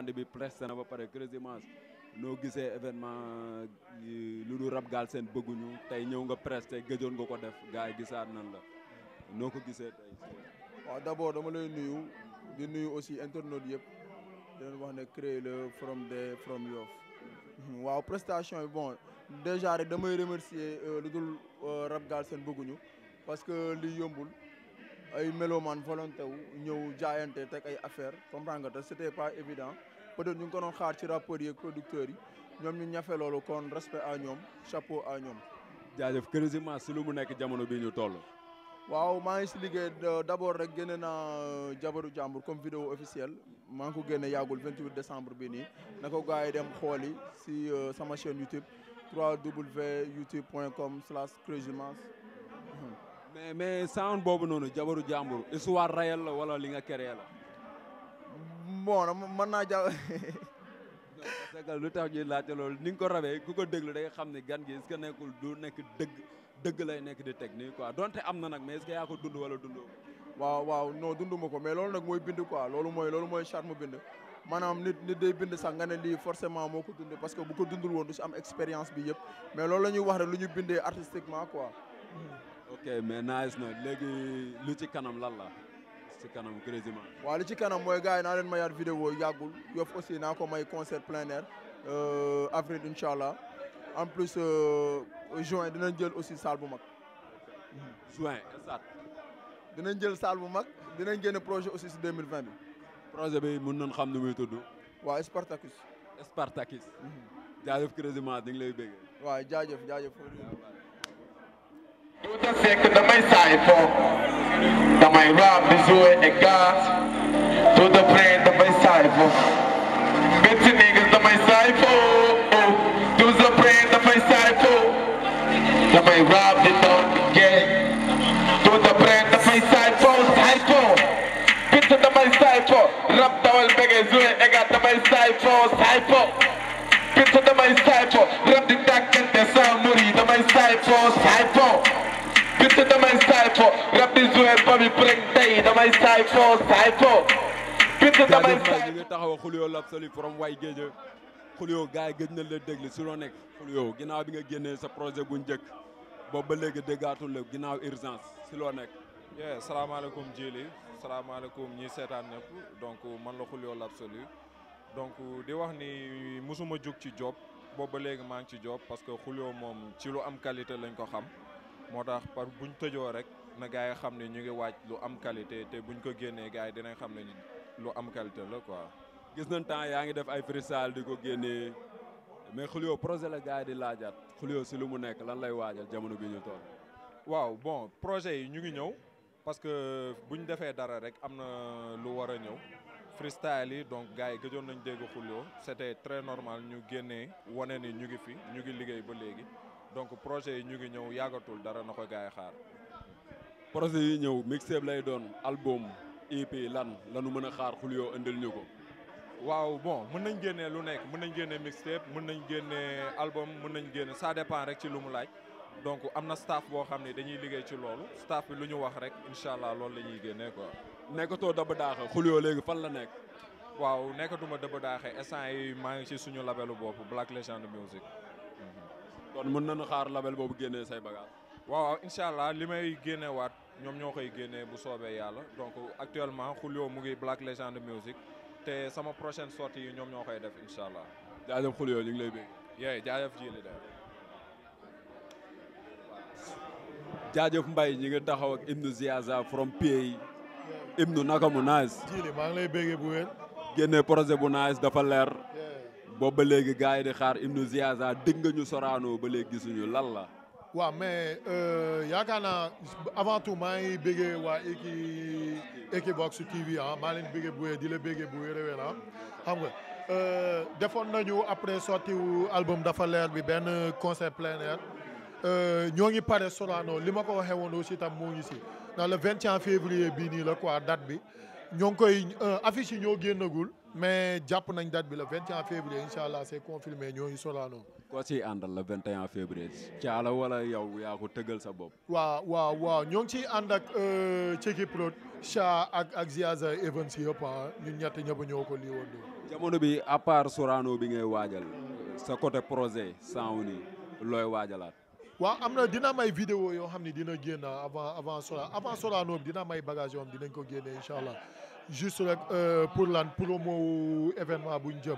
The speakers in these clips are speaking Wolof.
bande bi presque na ba pare Crazy Mass noo gisee événement euh, lu du rab gaal seen bëgguñu tey ñëw nga presse tey gëjoon nga ko def gars yi gisaat nan la noo ko gisee tey. waaw d'abord dama lay nuyu di nuyu aussi internautes yëpp di wax ne créer le from de from Yoff waaw prestation bi bon déjà rek damay remercier euh, lu dul euh, rab gaal seen parce que li yombul. ay melomaan volonté wu ñëw jaayante teg ay affaire comprendre nga te c'était pas évident peut-être ñu ngi ko doon xaar ci rappeurs yi ak producteurs yi ñoom ñu ñafe loolu kon respect à ñoom chapeau à ñoom. jaajëf curieusement si lu mu nekk jamono bi ñu toll. waaw maa ngi si liggéey euh, d'abord rek génne naa euh, jabaru jàmbur comme vidéo officielle maa ngi ko génne yàggul 28 décembre bi nii na ko yi dem xooli si euh, sama chaîne YouTube 3w youtube.com slash Crazy Mass mais mais sound boobu noonu jabaru jàmbur histoire réelle la wala li nga créé la. bon mën naa ja. parce lu tax ñuy laajte loolu ni nga ko rabee ku ko déglu day xam ne gan gi est nekkul du nekk dëgg dëgg lay nekk di teg donte am na nag mais est ce que yaa ko dund wala dundoo. waaw waaw non dunduma ko mais loolu nag mooy bind ko loolu mooy loolu mooy charme bind. maanaam nit nit bind sax nga ne lii forcément moo ko dund parce que bu ko dundul woon du si am expérience bi yëpp mais loolu la ñuy wax rek lu ñu bindee artistiquement quoi. Hmm. ok mais nice na léegi lu ci kanam lan la ci kanam Crazy ci kanam mooy gars yi naa leen mayaat vidéo yàggul Yoff aussi naa ko may concert plein air euh, avril incha allah en plus euh, juin dinañ jël aussi salle bu mag. juin instant. jël salle bu mag dinañ génne projet aussi si 2020 bi. projet bi mën nañ xam ni muy tudd. waaw Spartacus. Spartacus. Mhm. jaajëf Crazy Man di ngi lay bëgg. waaw jaajëf jaajëf. Duuta Sekk damay saay foo damay raam di jouer et gaz Duuta Brain damay saay foo Betty Niggas damay saay damay saay foo damay raam di daw di gee Duuta damay saay foo saay foo Betty damay saay foo rap dawal bege jouer et damay saay foo saay foo Betty damay saay foo rap di tàkkante saa damay saay foo saay foo fo rap bi joué ba bi break day gars yi gëj na la déglu si loo nekk Julio ginnaaw bi nga génnee sa projet bu njëkk boobu ba léegi déggaatul la ginnaaw urgence si loo nekk. yeah salaamaaleykum Djily salaamaaleykum ñi seetaan ñëpp donc man la Julio l'absolu donc di wax ni mësuma jug ci job boobu ba léegi maa ngi ci job parce que Julio moom ci lu am qualité lañ ko xam moo tax par buñ tëjoo rek na gars yi xam ne ñu ngi waaj lu am qualité te buñ ko génnee gars yi dinañ xam ne lu am qualité la quoi. gis nañ temps yaa ngi def ay freestyle di ko génnee mais Xulio projet la gars di laajaat Xulio si lu mu nekk lan lay waajal jamono bi ñu toll. waaw bon projet yi ñu ngi ñëw parce que bu ñu defee dara rek am na lu war a ñëw. freestyle yi donc gars yi gëjoon nañ dégg Xulio c'était très normal ñu génnee wane ni ñu ngi fi ñu ngi liggéey ba léegi donc projet yi ñu ngi ñëw yàggatul dara na ko gars yi xaar. projet yi ñëw mixtape lay doon album EP lan lanu mën a xaar Xulio indil ñu ko. waaw bon mën nañ génnee lu nekk mën nañ génnee mixtape mën nañ génnee album mën nañ génne saa dépend rek ci lu mu laaj donc am na staff boo xam ne dañuy liggéey ci loolu staff bi lu ñu wax rek incha allah loolu la ñuy génnee quoi. nekkatoo Daba Daaxe Xulio léegi fan la nekk. waaw nekkatuma Daba Daaxe instant yi maa ngi ci suñu labelu bopp Black Legend Music. kon mun nañu xaar label boobu génnee say waaw waaw incha allah li may génnewaat ñoom ñoo koy génne bu soobee yàlla donc actuellement Julio mu ngi Black Legend Music te sama prochaine sortie yi ñoom ñoo koy def incha allah. jaajëf Julio ñu ngi lay bégg. yee jaajëf ji li de. jaajëf ñi nga taxaw ak Ibnu Ziaza from PA. Ibnu naka mu nice. ji maa ngi lay béggee bu wér. génne projet bu nice dafa leer. boobu ba léegi gars yi di xaar Ibnu Ziaza dégg nga ñu soraanoo ba léegi gisuñu lan la. waaw mais euh, yaakaar naa avant tout maa ngi waa équi Equivox TV ah maa leen bëggee bu wér di la bëggee bu wér ah xam nga euh, defoon nañu après sorti wu album dafa leer bi benn concert plein air euh, ñoo ngi pare Sorano li ma ko waxee woon aussi tam moo ngi si dans le 21 février bii nii la quoi date bi ñoo ngi koy affiche yi ñoo génnagul mais jàpp nañ date bi le 21 février incha allah c' est confirmé ñooñu Sorano. koo ciy àndal le 21 février. caala wala yow yaa ko tëggal sa bopp. waa waaw waaw ñoo ngi ànd ak euh, Ceki Prod. Cha ak ak Ziaza Evans yëpp ah ñun ñett ñëpp ñoo ko lii woon. jamono bi à part bi ngay waajal. sa côté projet sans ni looy waajalaat. waaw am na dina may vidéo yoo xam ni dina génn avant avant Sorano avant Sorano dina may bagage yoo xam ko génne incha allah. juste rek euh, pour lan promo événement bu ñu jëm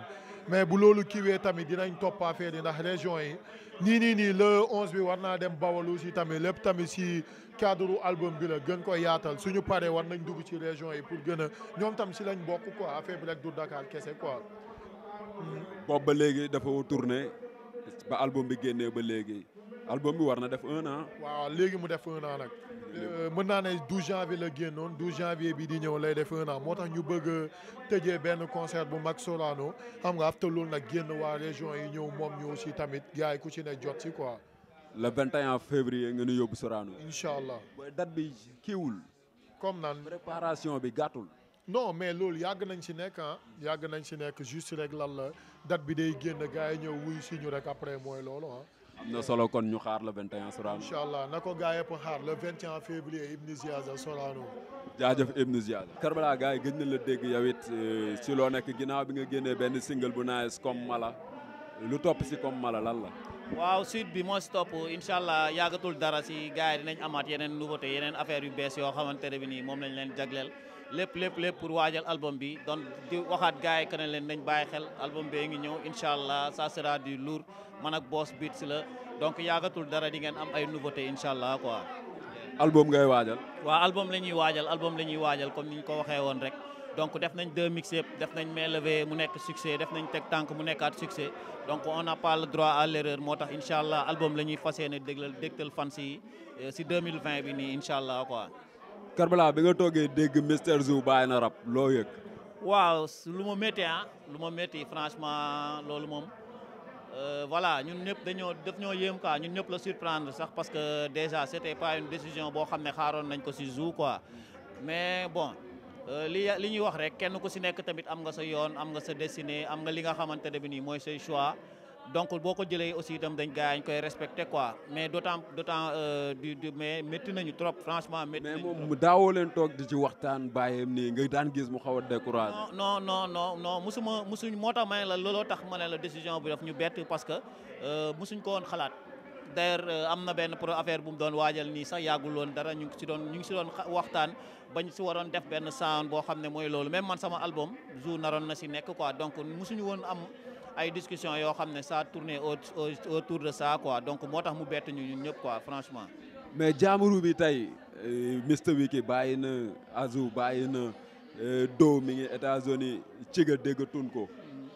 mais bu loolu kiiwee tamit dinañ topp affaire yi ndax région yi nii nii nii le 11 bi war naa dem bawalu si tamit lépp tamit si cadre album bi la gën ko yaatal suñu paree war nañ dugg ci région yi pour gën a ñoom tamit si lañ bokk ko affaire bi rek du dakaar kese quoi. Hmm. boobu ba léegi dafa tourné ba album bi génnee ba léegi album bi war na def un waaw léegi mu def un an nag. Euh, mën naa ne 12 janvier la génnoon 12 janvier bi di ñëw lay def un moo tax ñu bëgg tëje benn concert bu mag Sorano xam nga after loolu nag génn waa région yi ñëw moom ñu aussi tamit gars ku ci ne jot si quoi. le 21 février nga ñu yóbbu Sorano. incha allah date bi kiiwul. comme naan préparation bi gàttul. non mais loolu yàgg nañ si nekk ah yàgg nañ si nekk juste rek lan la date bi day génn gars yi ñëw wuy si ñu rek après mooy loolu ah. am na solo kon ñu xaar le 21 Sorano. incha allah na ko gaa yëpp xaar le 21 février Ibn Ziaza Sorano. jaajëf Ibn Ziaza. Karbala gars yi gëj na la dégg yow it euh, si loo nekk ginnaaw bi nga génnee benn single bu nice comme mala lu topp si comme mala lan la. waaw suite bi moo si topp incha yaagatul dara si gars yi dinañ amaat yeneen nouveauté yeneen affaire yu bees yoo xamante ne bi nii moom lañ leen jagleel lépp lépp lép pour waajal album bi donc di waxaat gars yi que ne leen nañ bàyyi xel album bee ngi ñëw incha allah ça sera du lourd man ak boss beats la donc yaagatul dara di ngeen am ay nouveauté incha allah quoi. album ngay waajal. waaw album la ñuy waajal album la ñuy waajal comme ni ñu ko waxee woon rek. donc def nañ deux mix-up def nañ main levée mu nekk succès def nañ teg tànk mu nekkaat succès donc on n'a pas le droit à l'erreur moo tax incha allah album la ñuy fas yéene fan euh, si si yi si 2020 bi nii incha allah quoi. Karbala bi nga toogee dégg Mister Zou bàyyi na rap loo yëg. waaw lu ma métti ah lu ma métti franchement loolu moom euh, voilà ñun ñëpp dañoo def ñoo yéem quoi ñun ñëpp la surprendre sax parce que déjà c'était pas une décision boo xam ne xaaroon nañ ko si Zou quoi mais bon. Euh, li li ñuy wax rek kenn ku si nekk tamit am nga sa yoon am nga sa destinée am nga li nga xamante ne bi nii mooy say choix donc boo ko jëlee aussi itam dañ gars ñu koy respecté quoi mais d' autant d' mais métti nañu trop franchement. métti nañu trop mais moom daawoo leen toog di ci waxtaan bàyyeem nii nga daan gis mu xaw a découragé. non non non non musuma musuñ moo tax ma ne la looloo tax ma ne la décision bi daf ñu bett parce que euh, musuñ ko woon xalaat. d'ailleurs euh, am na benn pour affaire bu mu doon waajal nii sax yàggul dara ñu ngi si doon ñu ngi si doon waxtaan bañ si waroon def benn sound boo xam ne mooy loolu même man sama album jour naroon na si nekk quoi donc musuñu woon am ay discussion yoo xam ne ça tournait autour de ça quoi donc moo tax mu bett ñu ñun ñëpp quoi franchement. mais jaamuru bi tey euh, Mr Wiki bàyyi na Azou bàyyi na euh, Dow mi ngi États-Unis mm. ci ga déggatun ko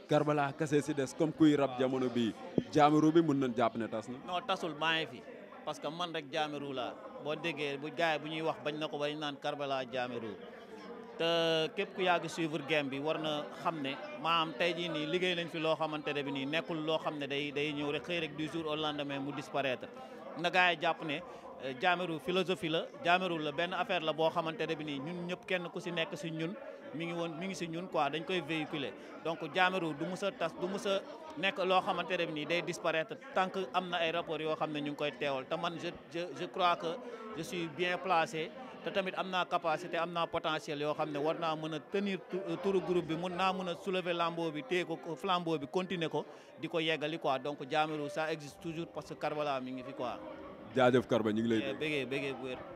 Karbala kase si des comme kuy rab jamono bii. jaami ruu bi mën nañ jàpp ne tas na non tasul maa ngi fi parce que man rek jaami ruu laa boo déggee bu gaay bu ñuy wax bañ na ko bañ naan Karbala jaami ruu te képp ku yàgg suivre game bi war na xam ne maam tey jii nii liggéey nañ fi loo xamante ne bi nii nekkul loo xam ne day day ñëw rek xëy rek du jour au lendemain mu disparaître na gaay jàpp ne Euh, jaameru philosophie la jaameru la benn affaire la boo xamante ne bi nii ñun ñëpp kenn ku si nekk si ñun mi ngi woon mi ngi si ñun quoi dañ koy véhiculer donc jaameru du mus a tas du mus nekk loo xamante ne bi nii day disparaître tant que am na ay rapports yoo xam ne ñu ngi koy teewal te man je je crois que je suis bien placé te tamit am naa capacité am naa potentiel yoo xam ne war naa mën a tenir euh, turu groupe bi mun naa mën a soulever lambeau bi téye ko flambeau bi continuer ko di ko yeggali quoi donc jaameru ça existe toujours parce que Karbala mi ngi fi quoi jaajëf Karba ñu ngi lay. Eh, bëggee bëggee bu wér.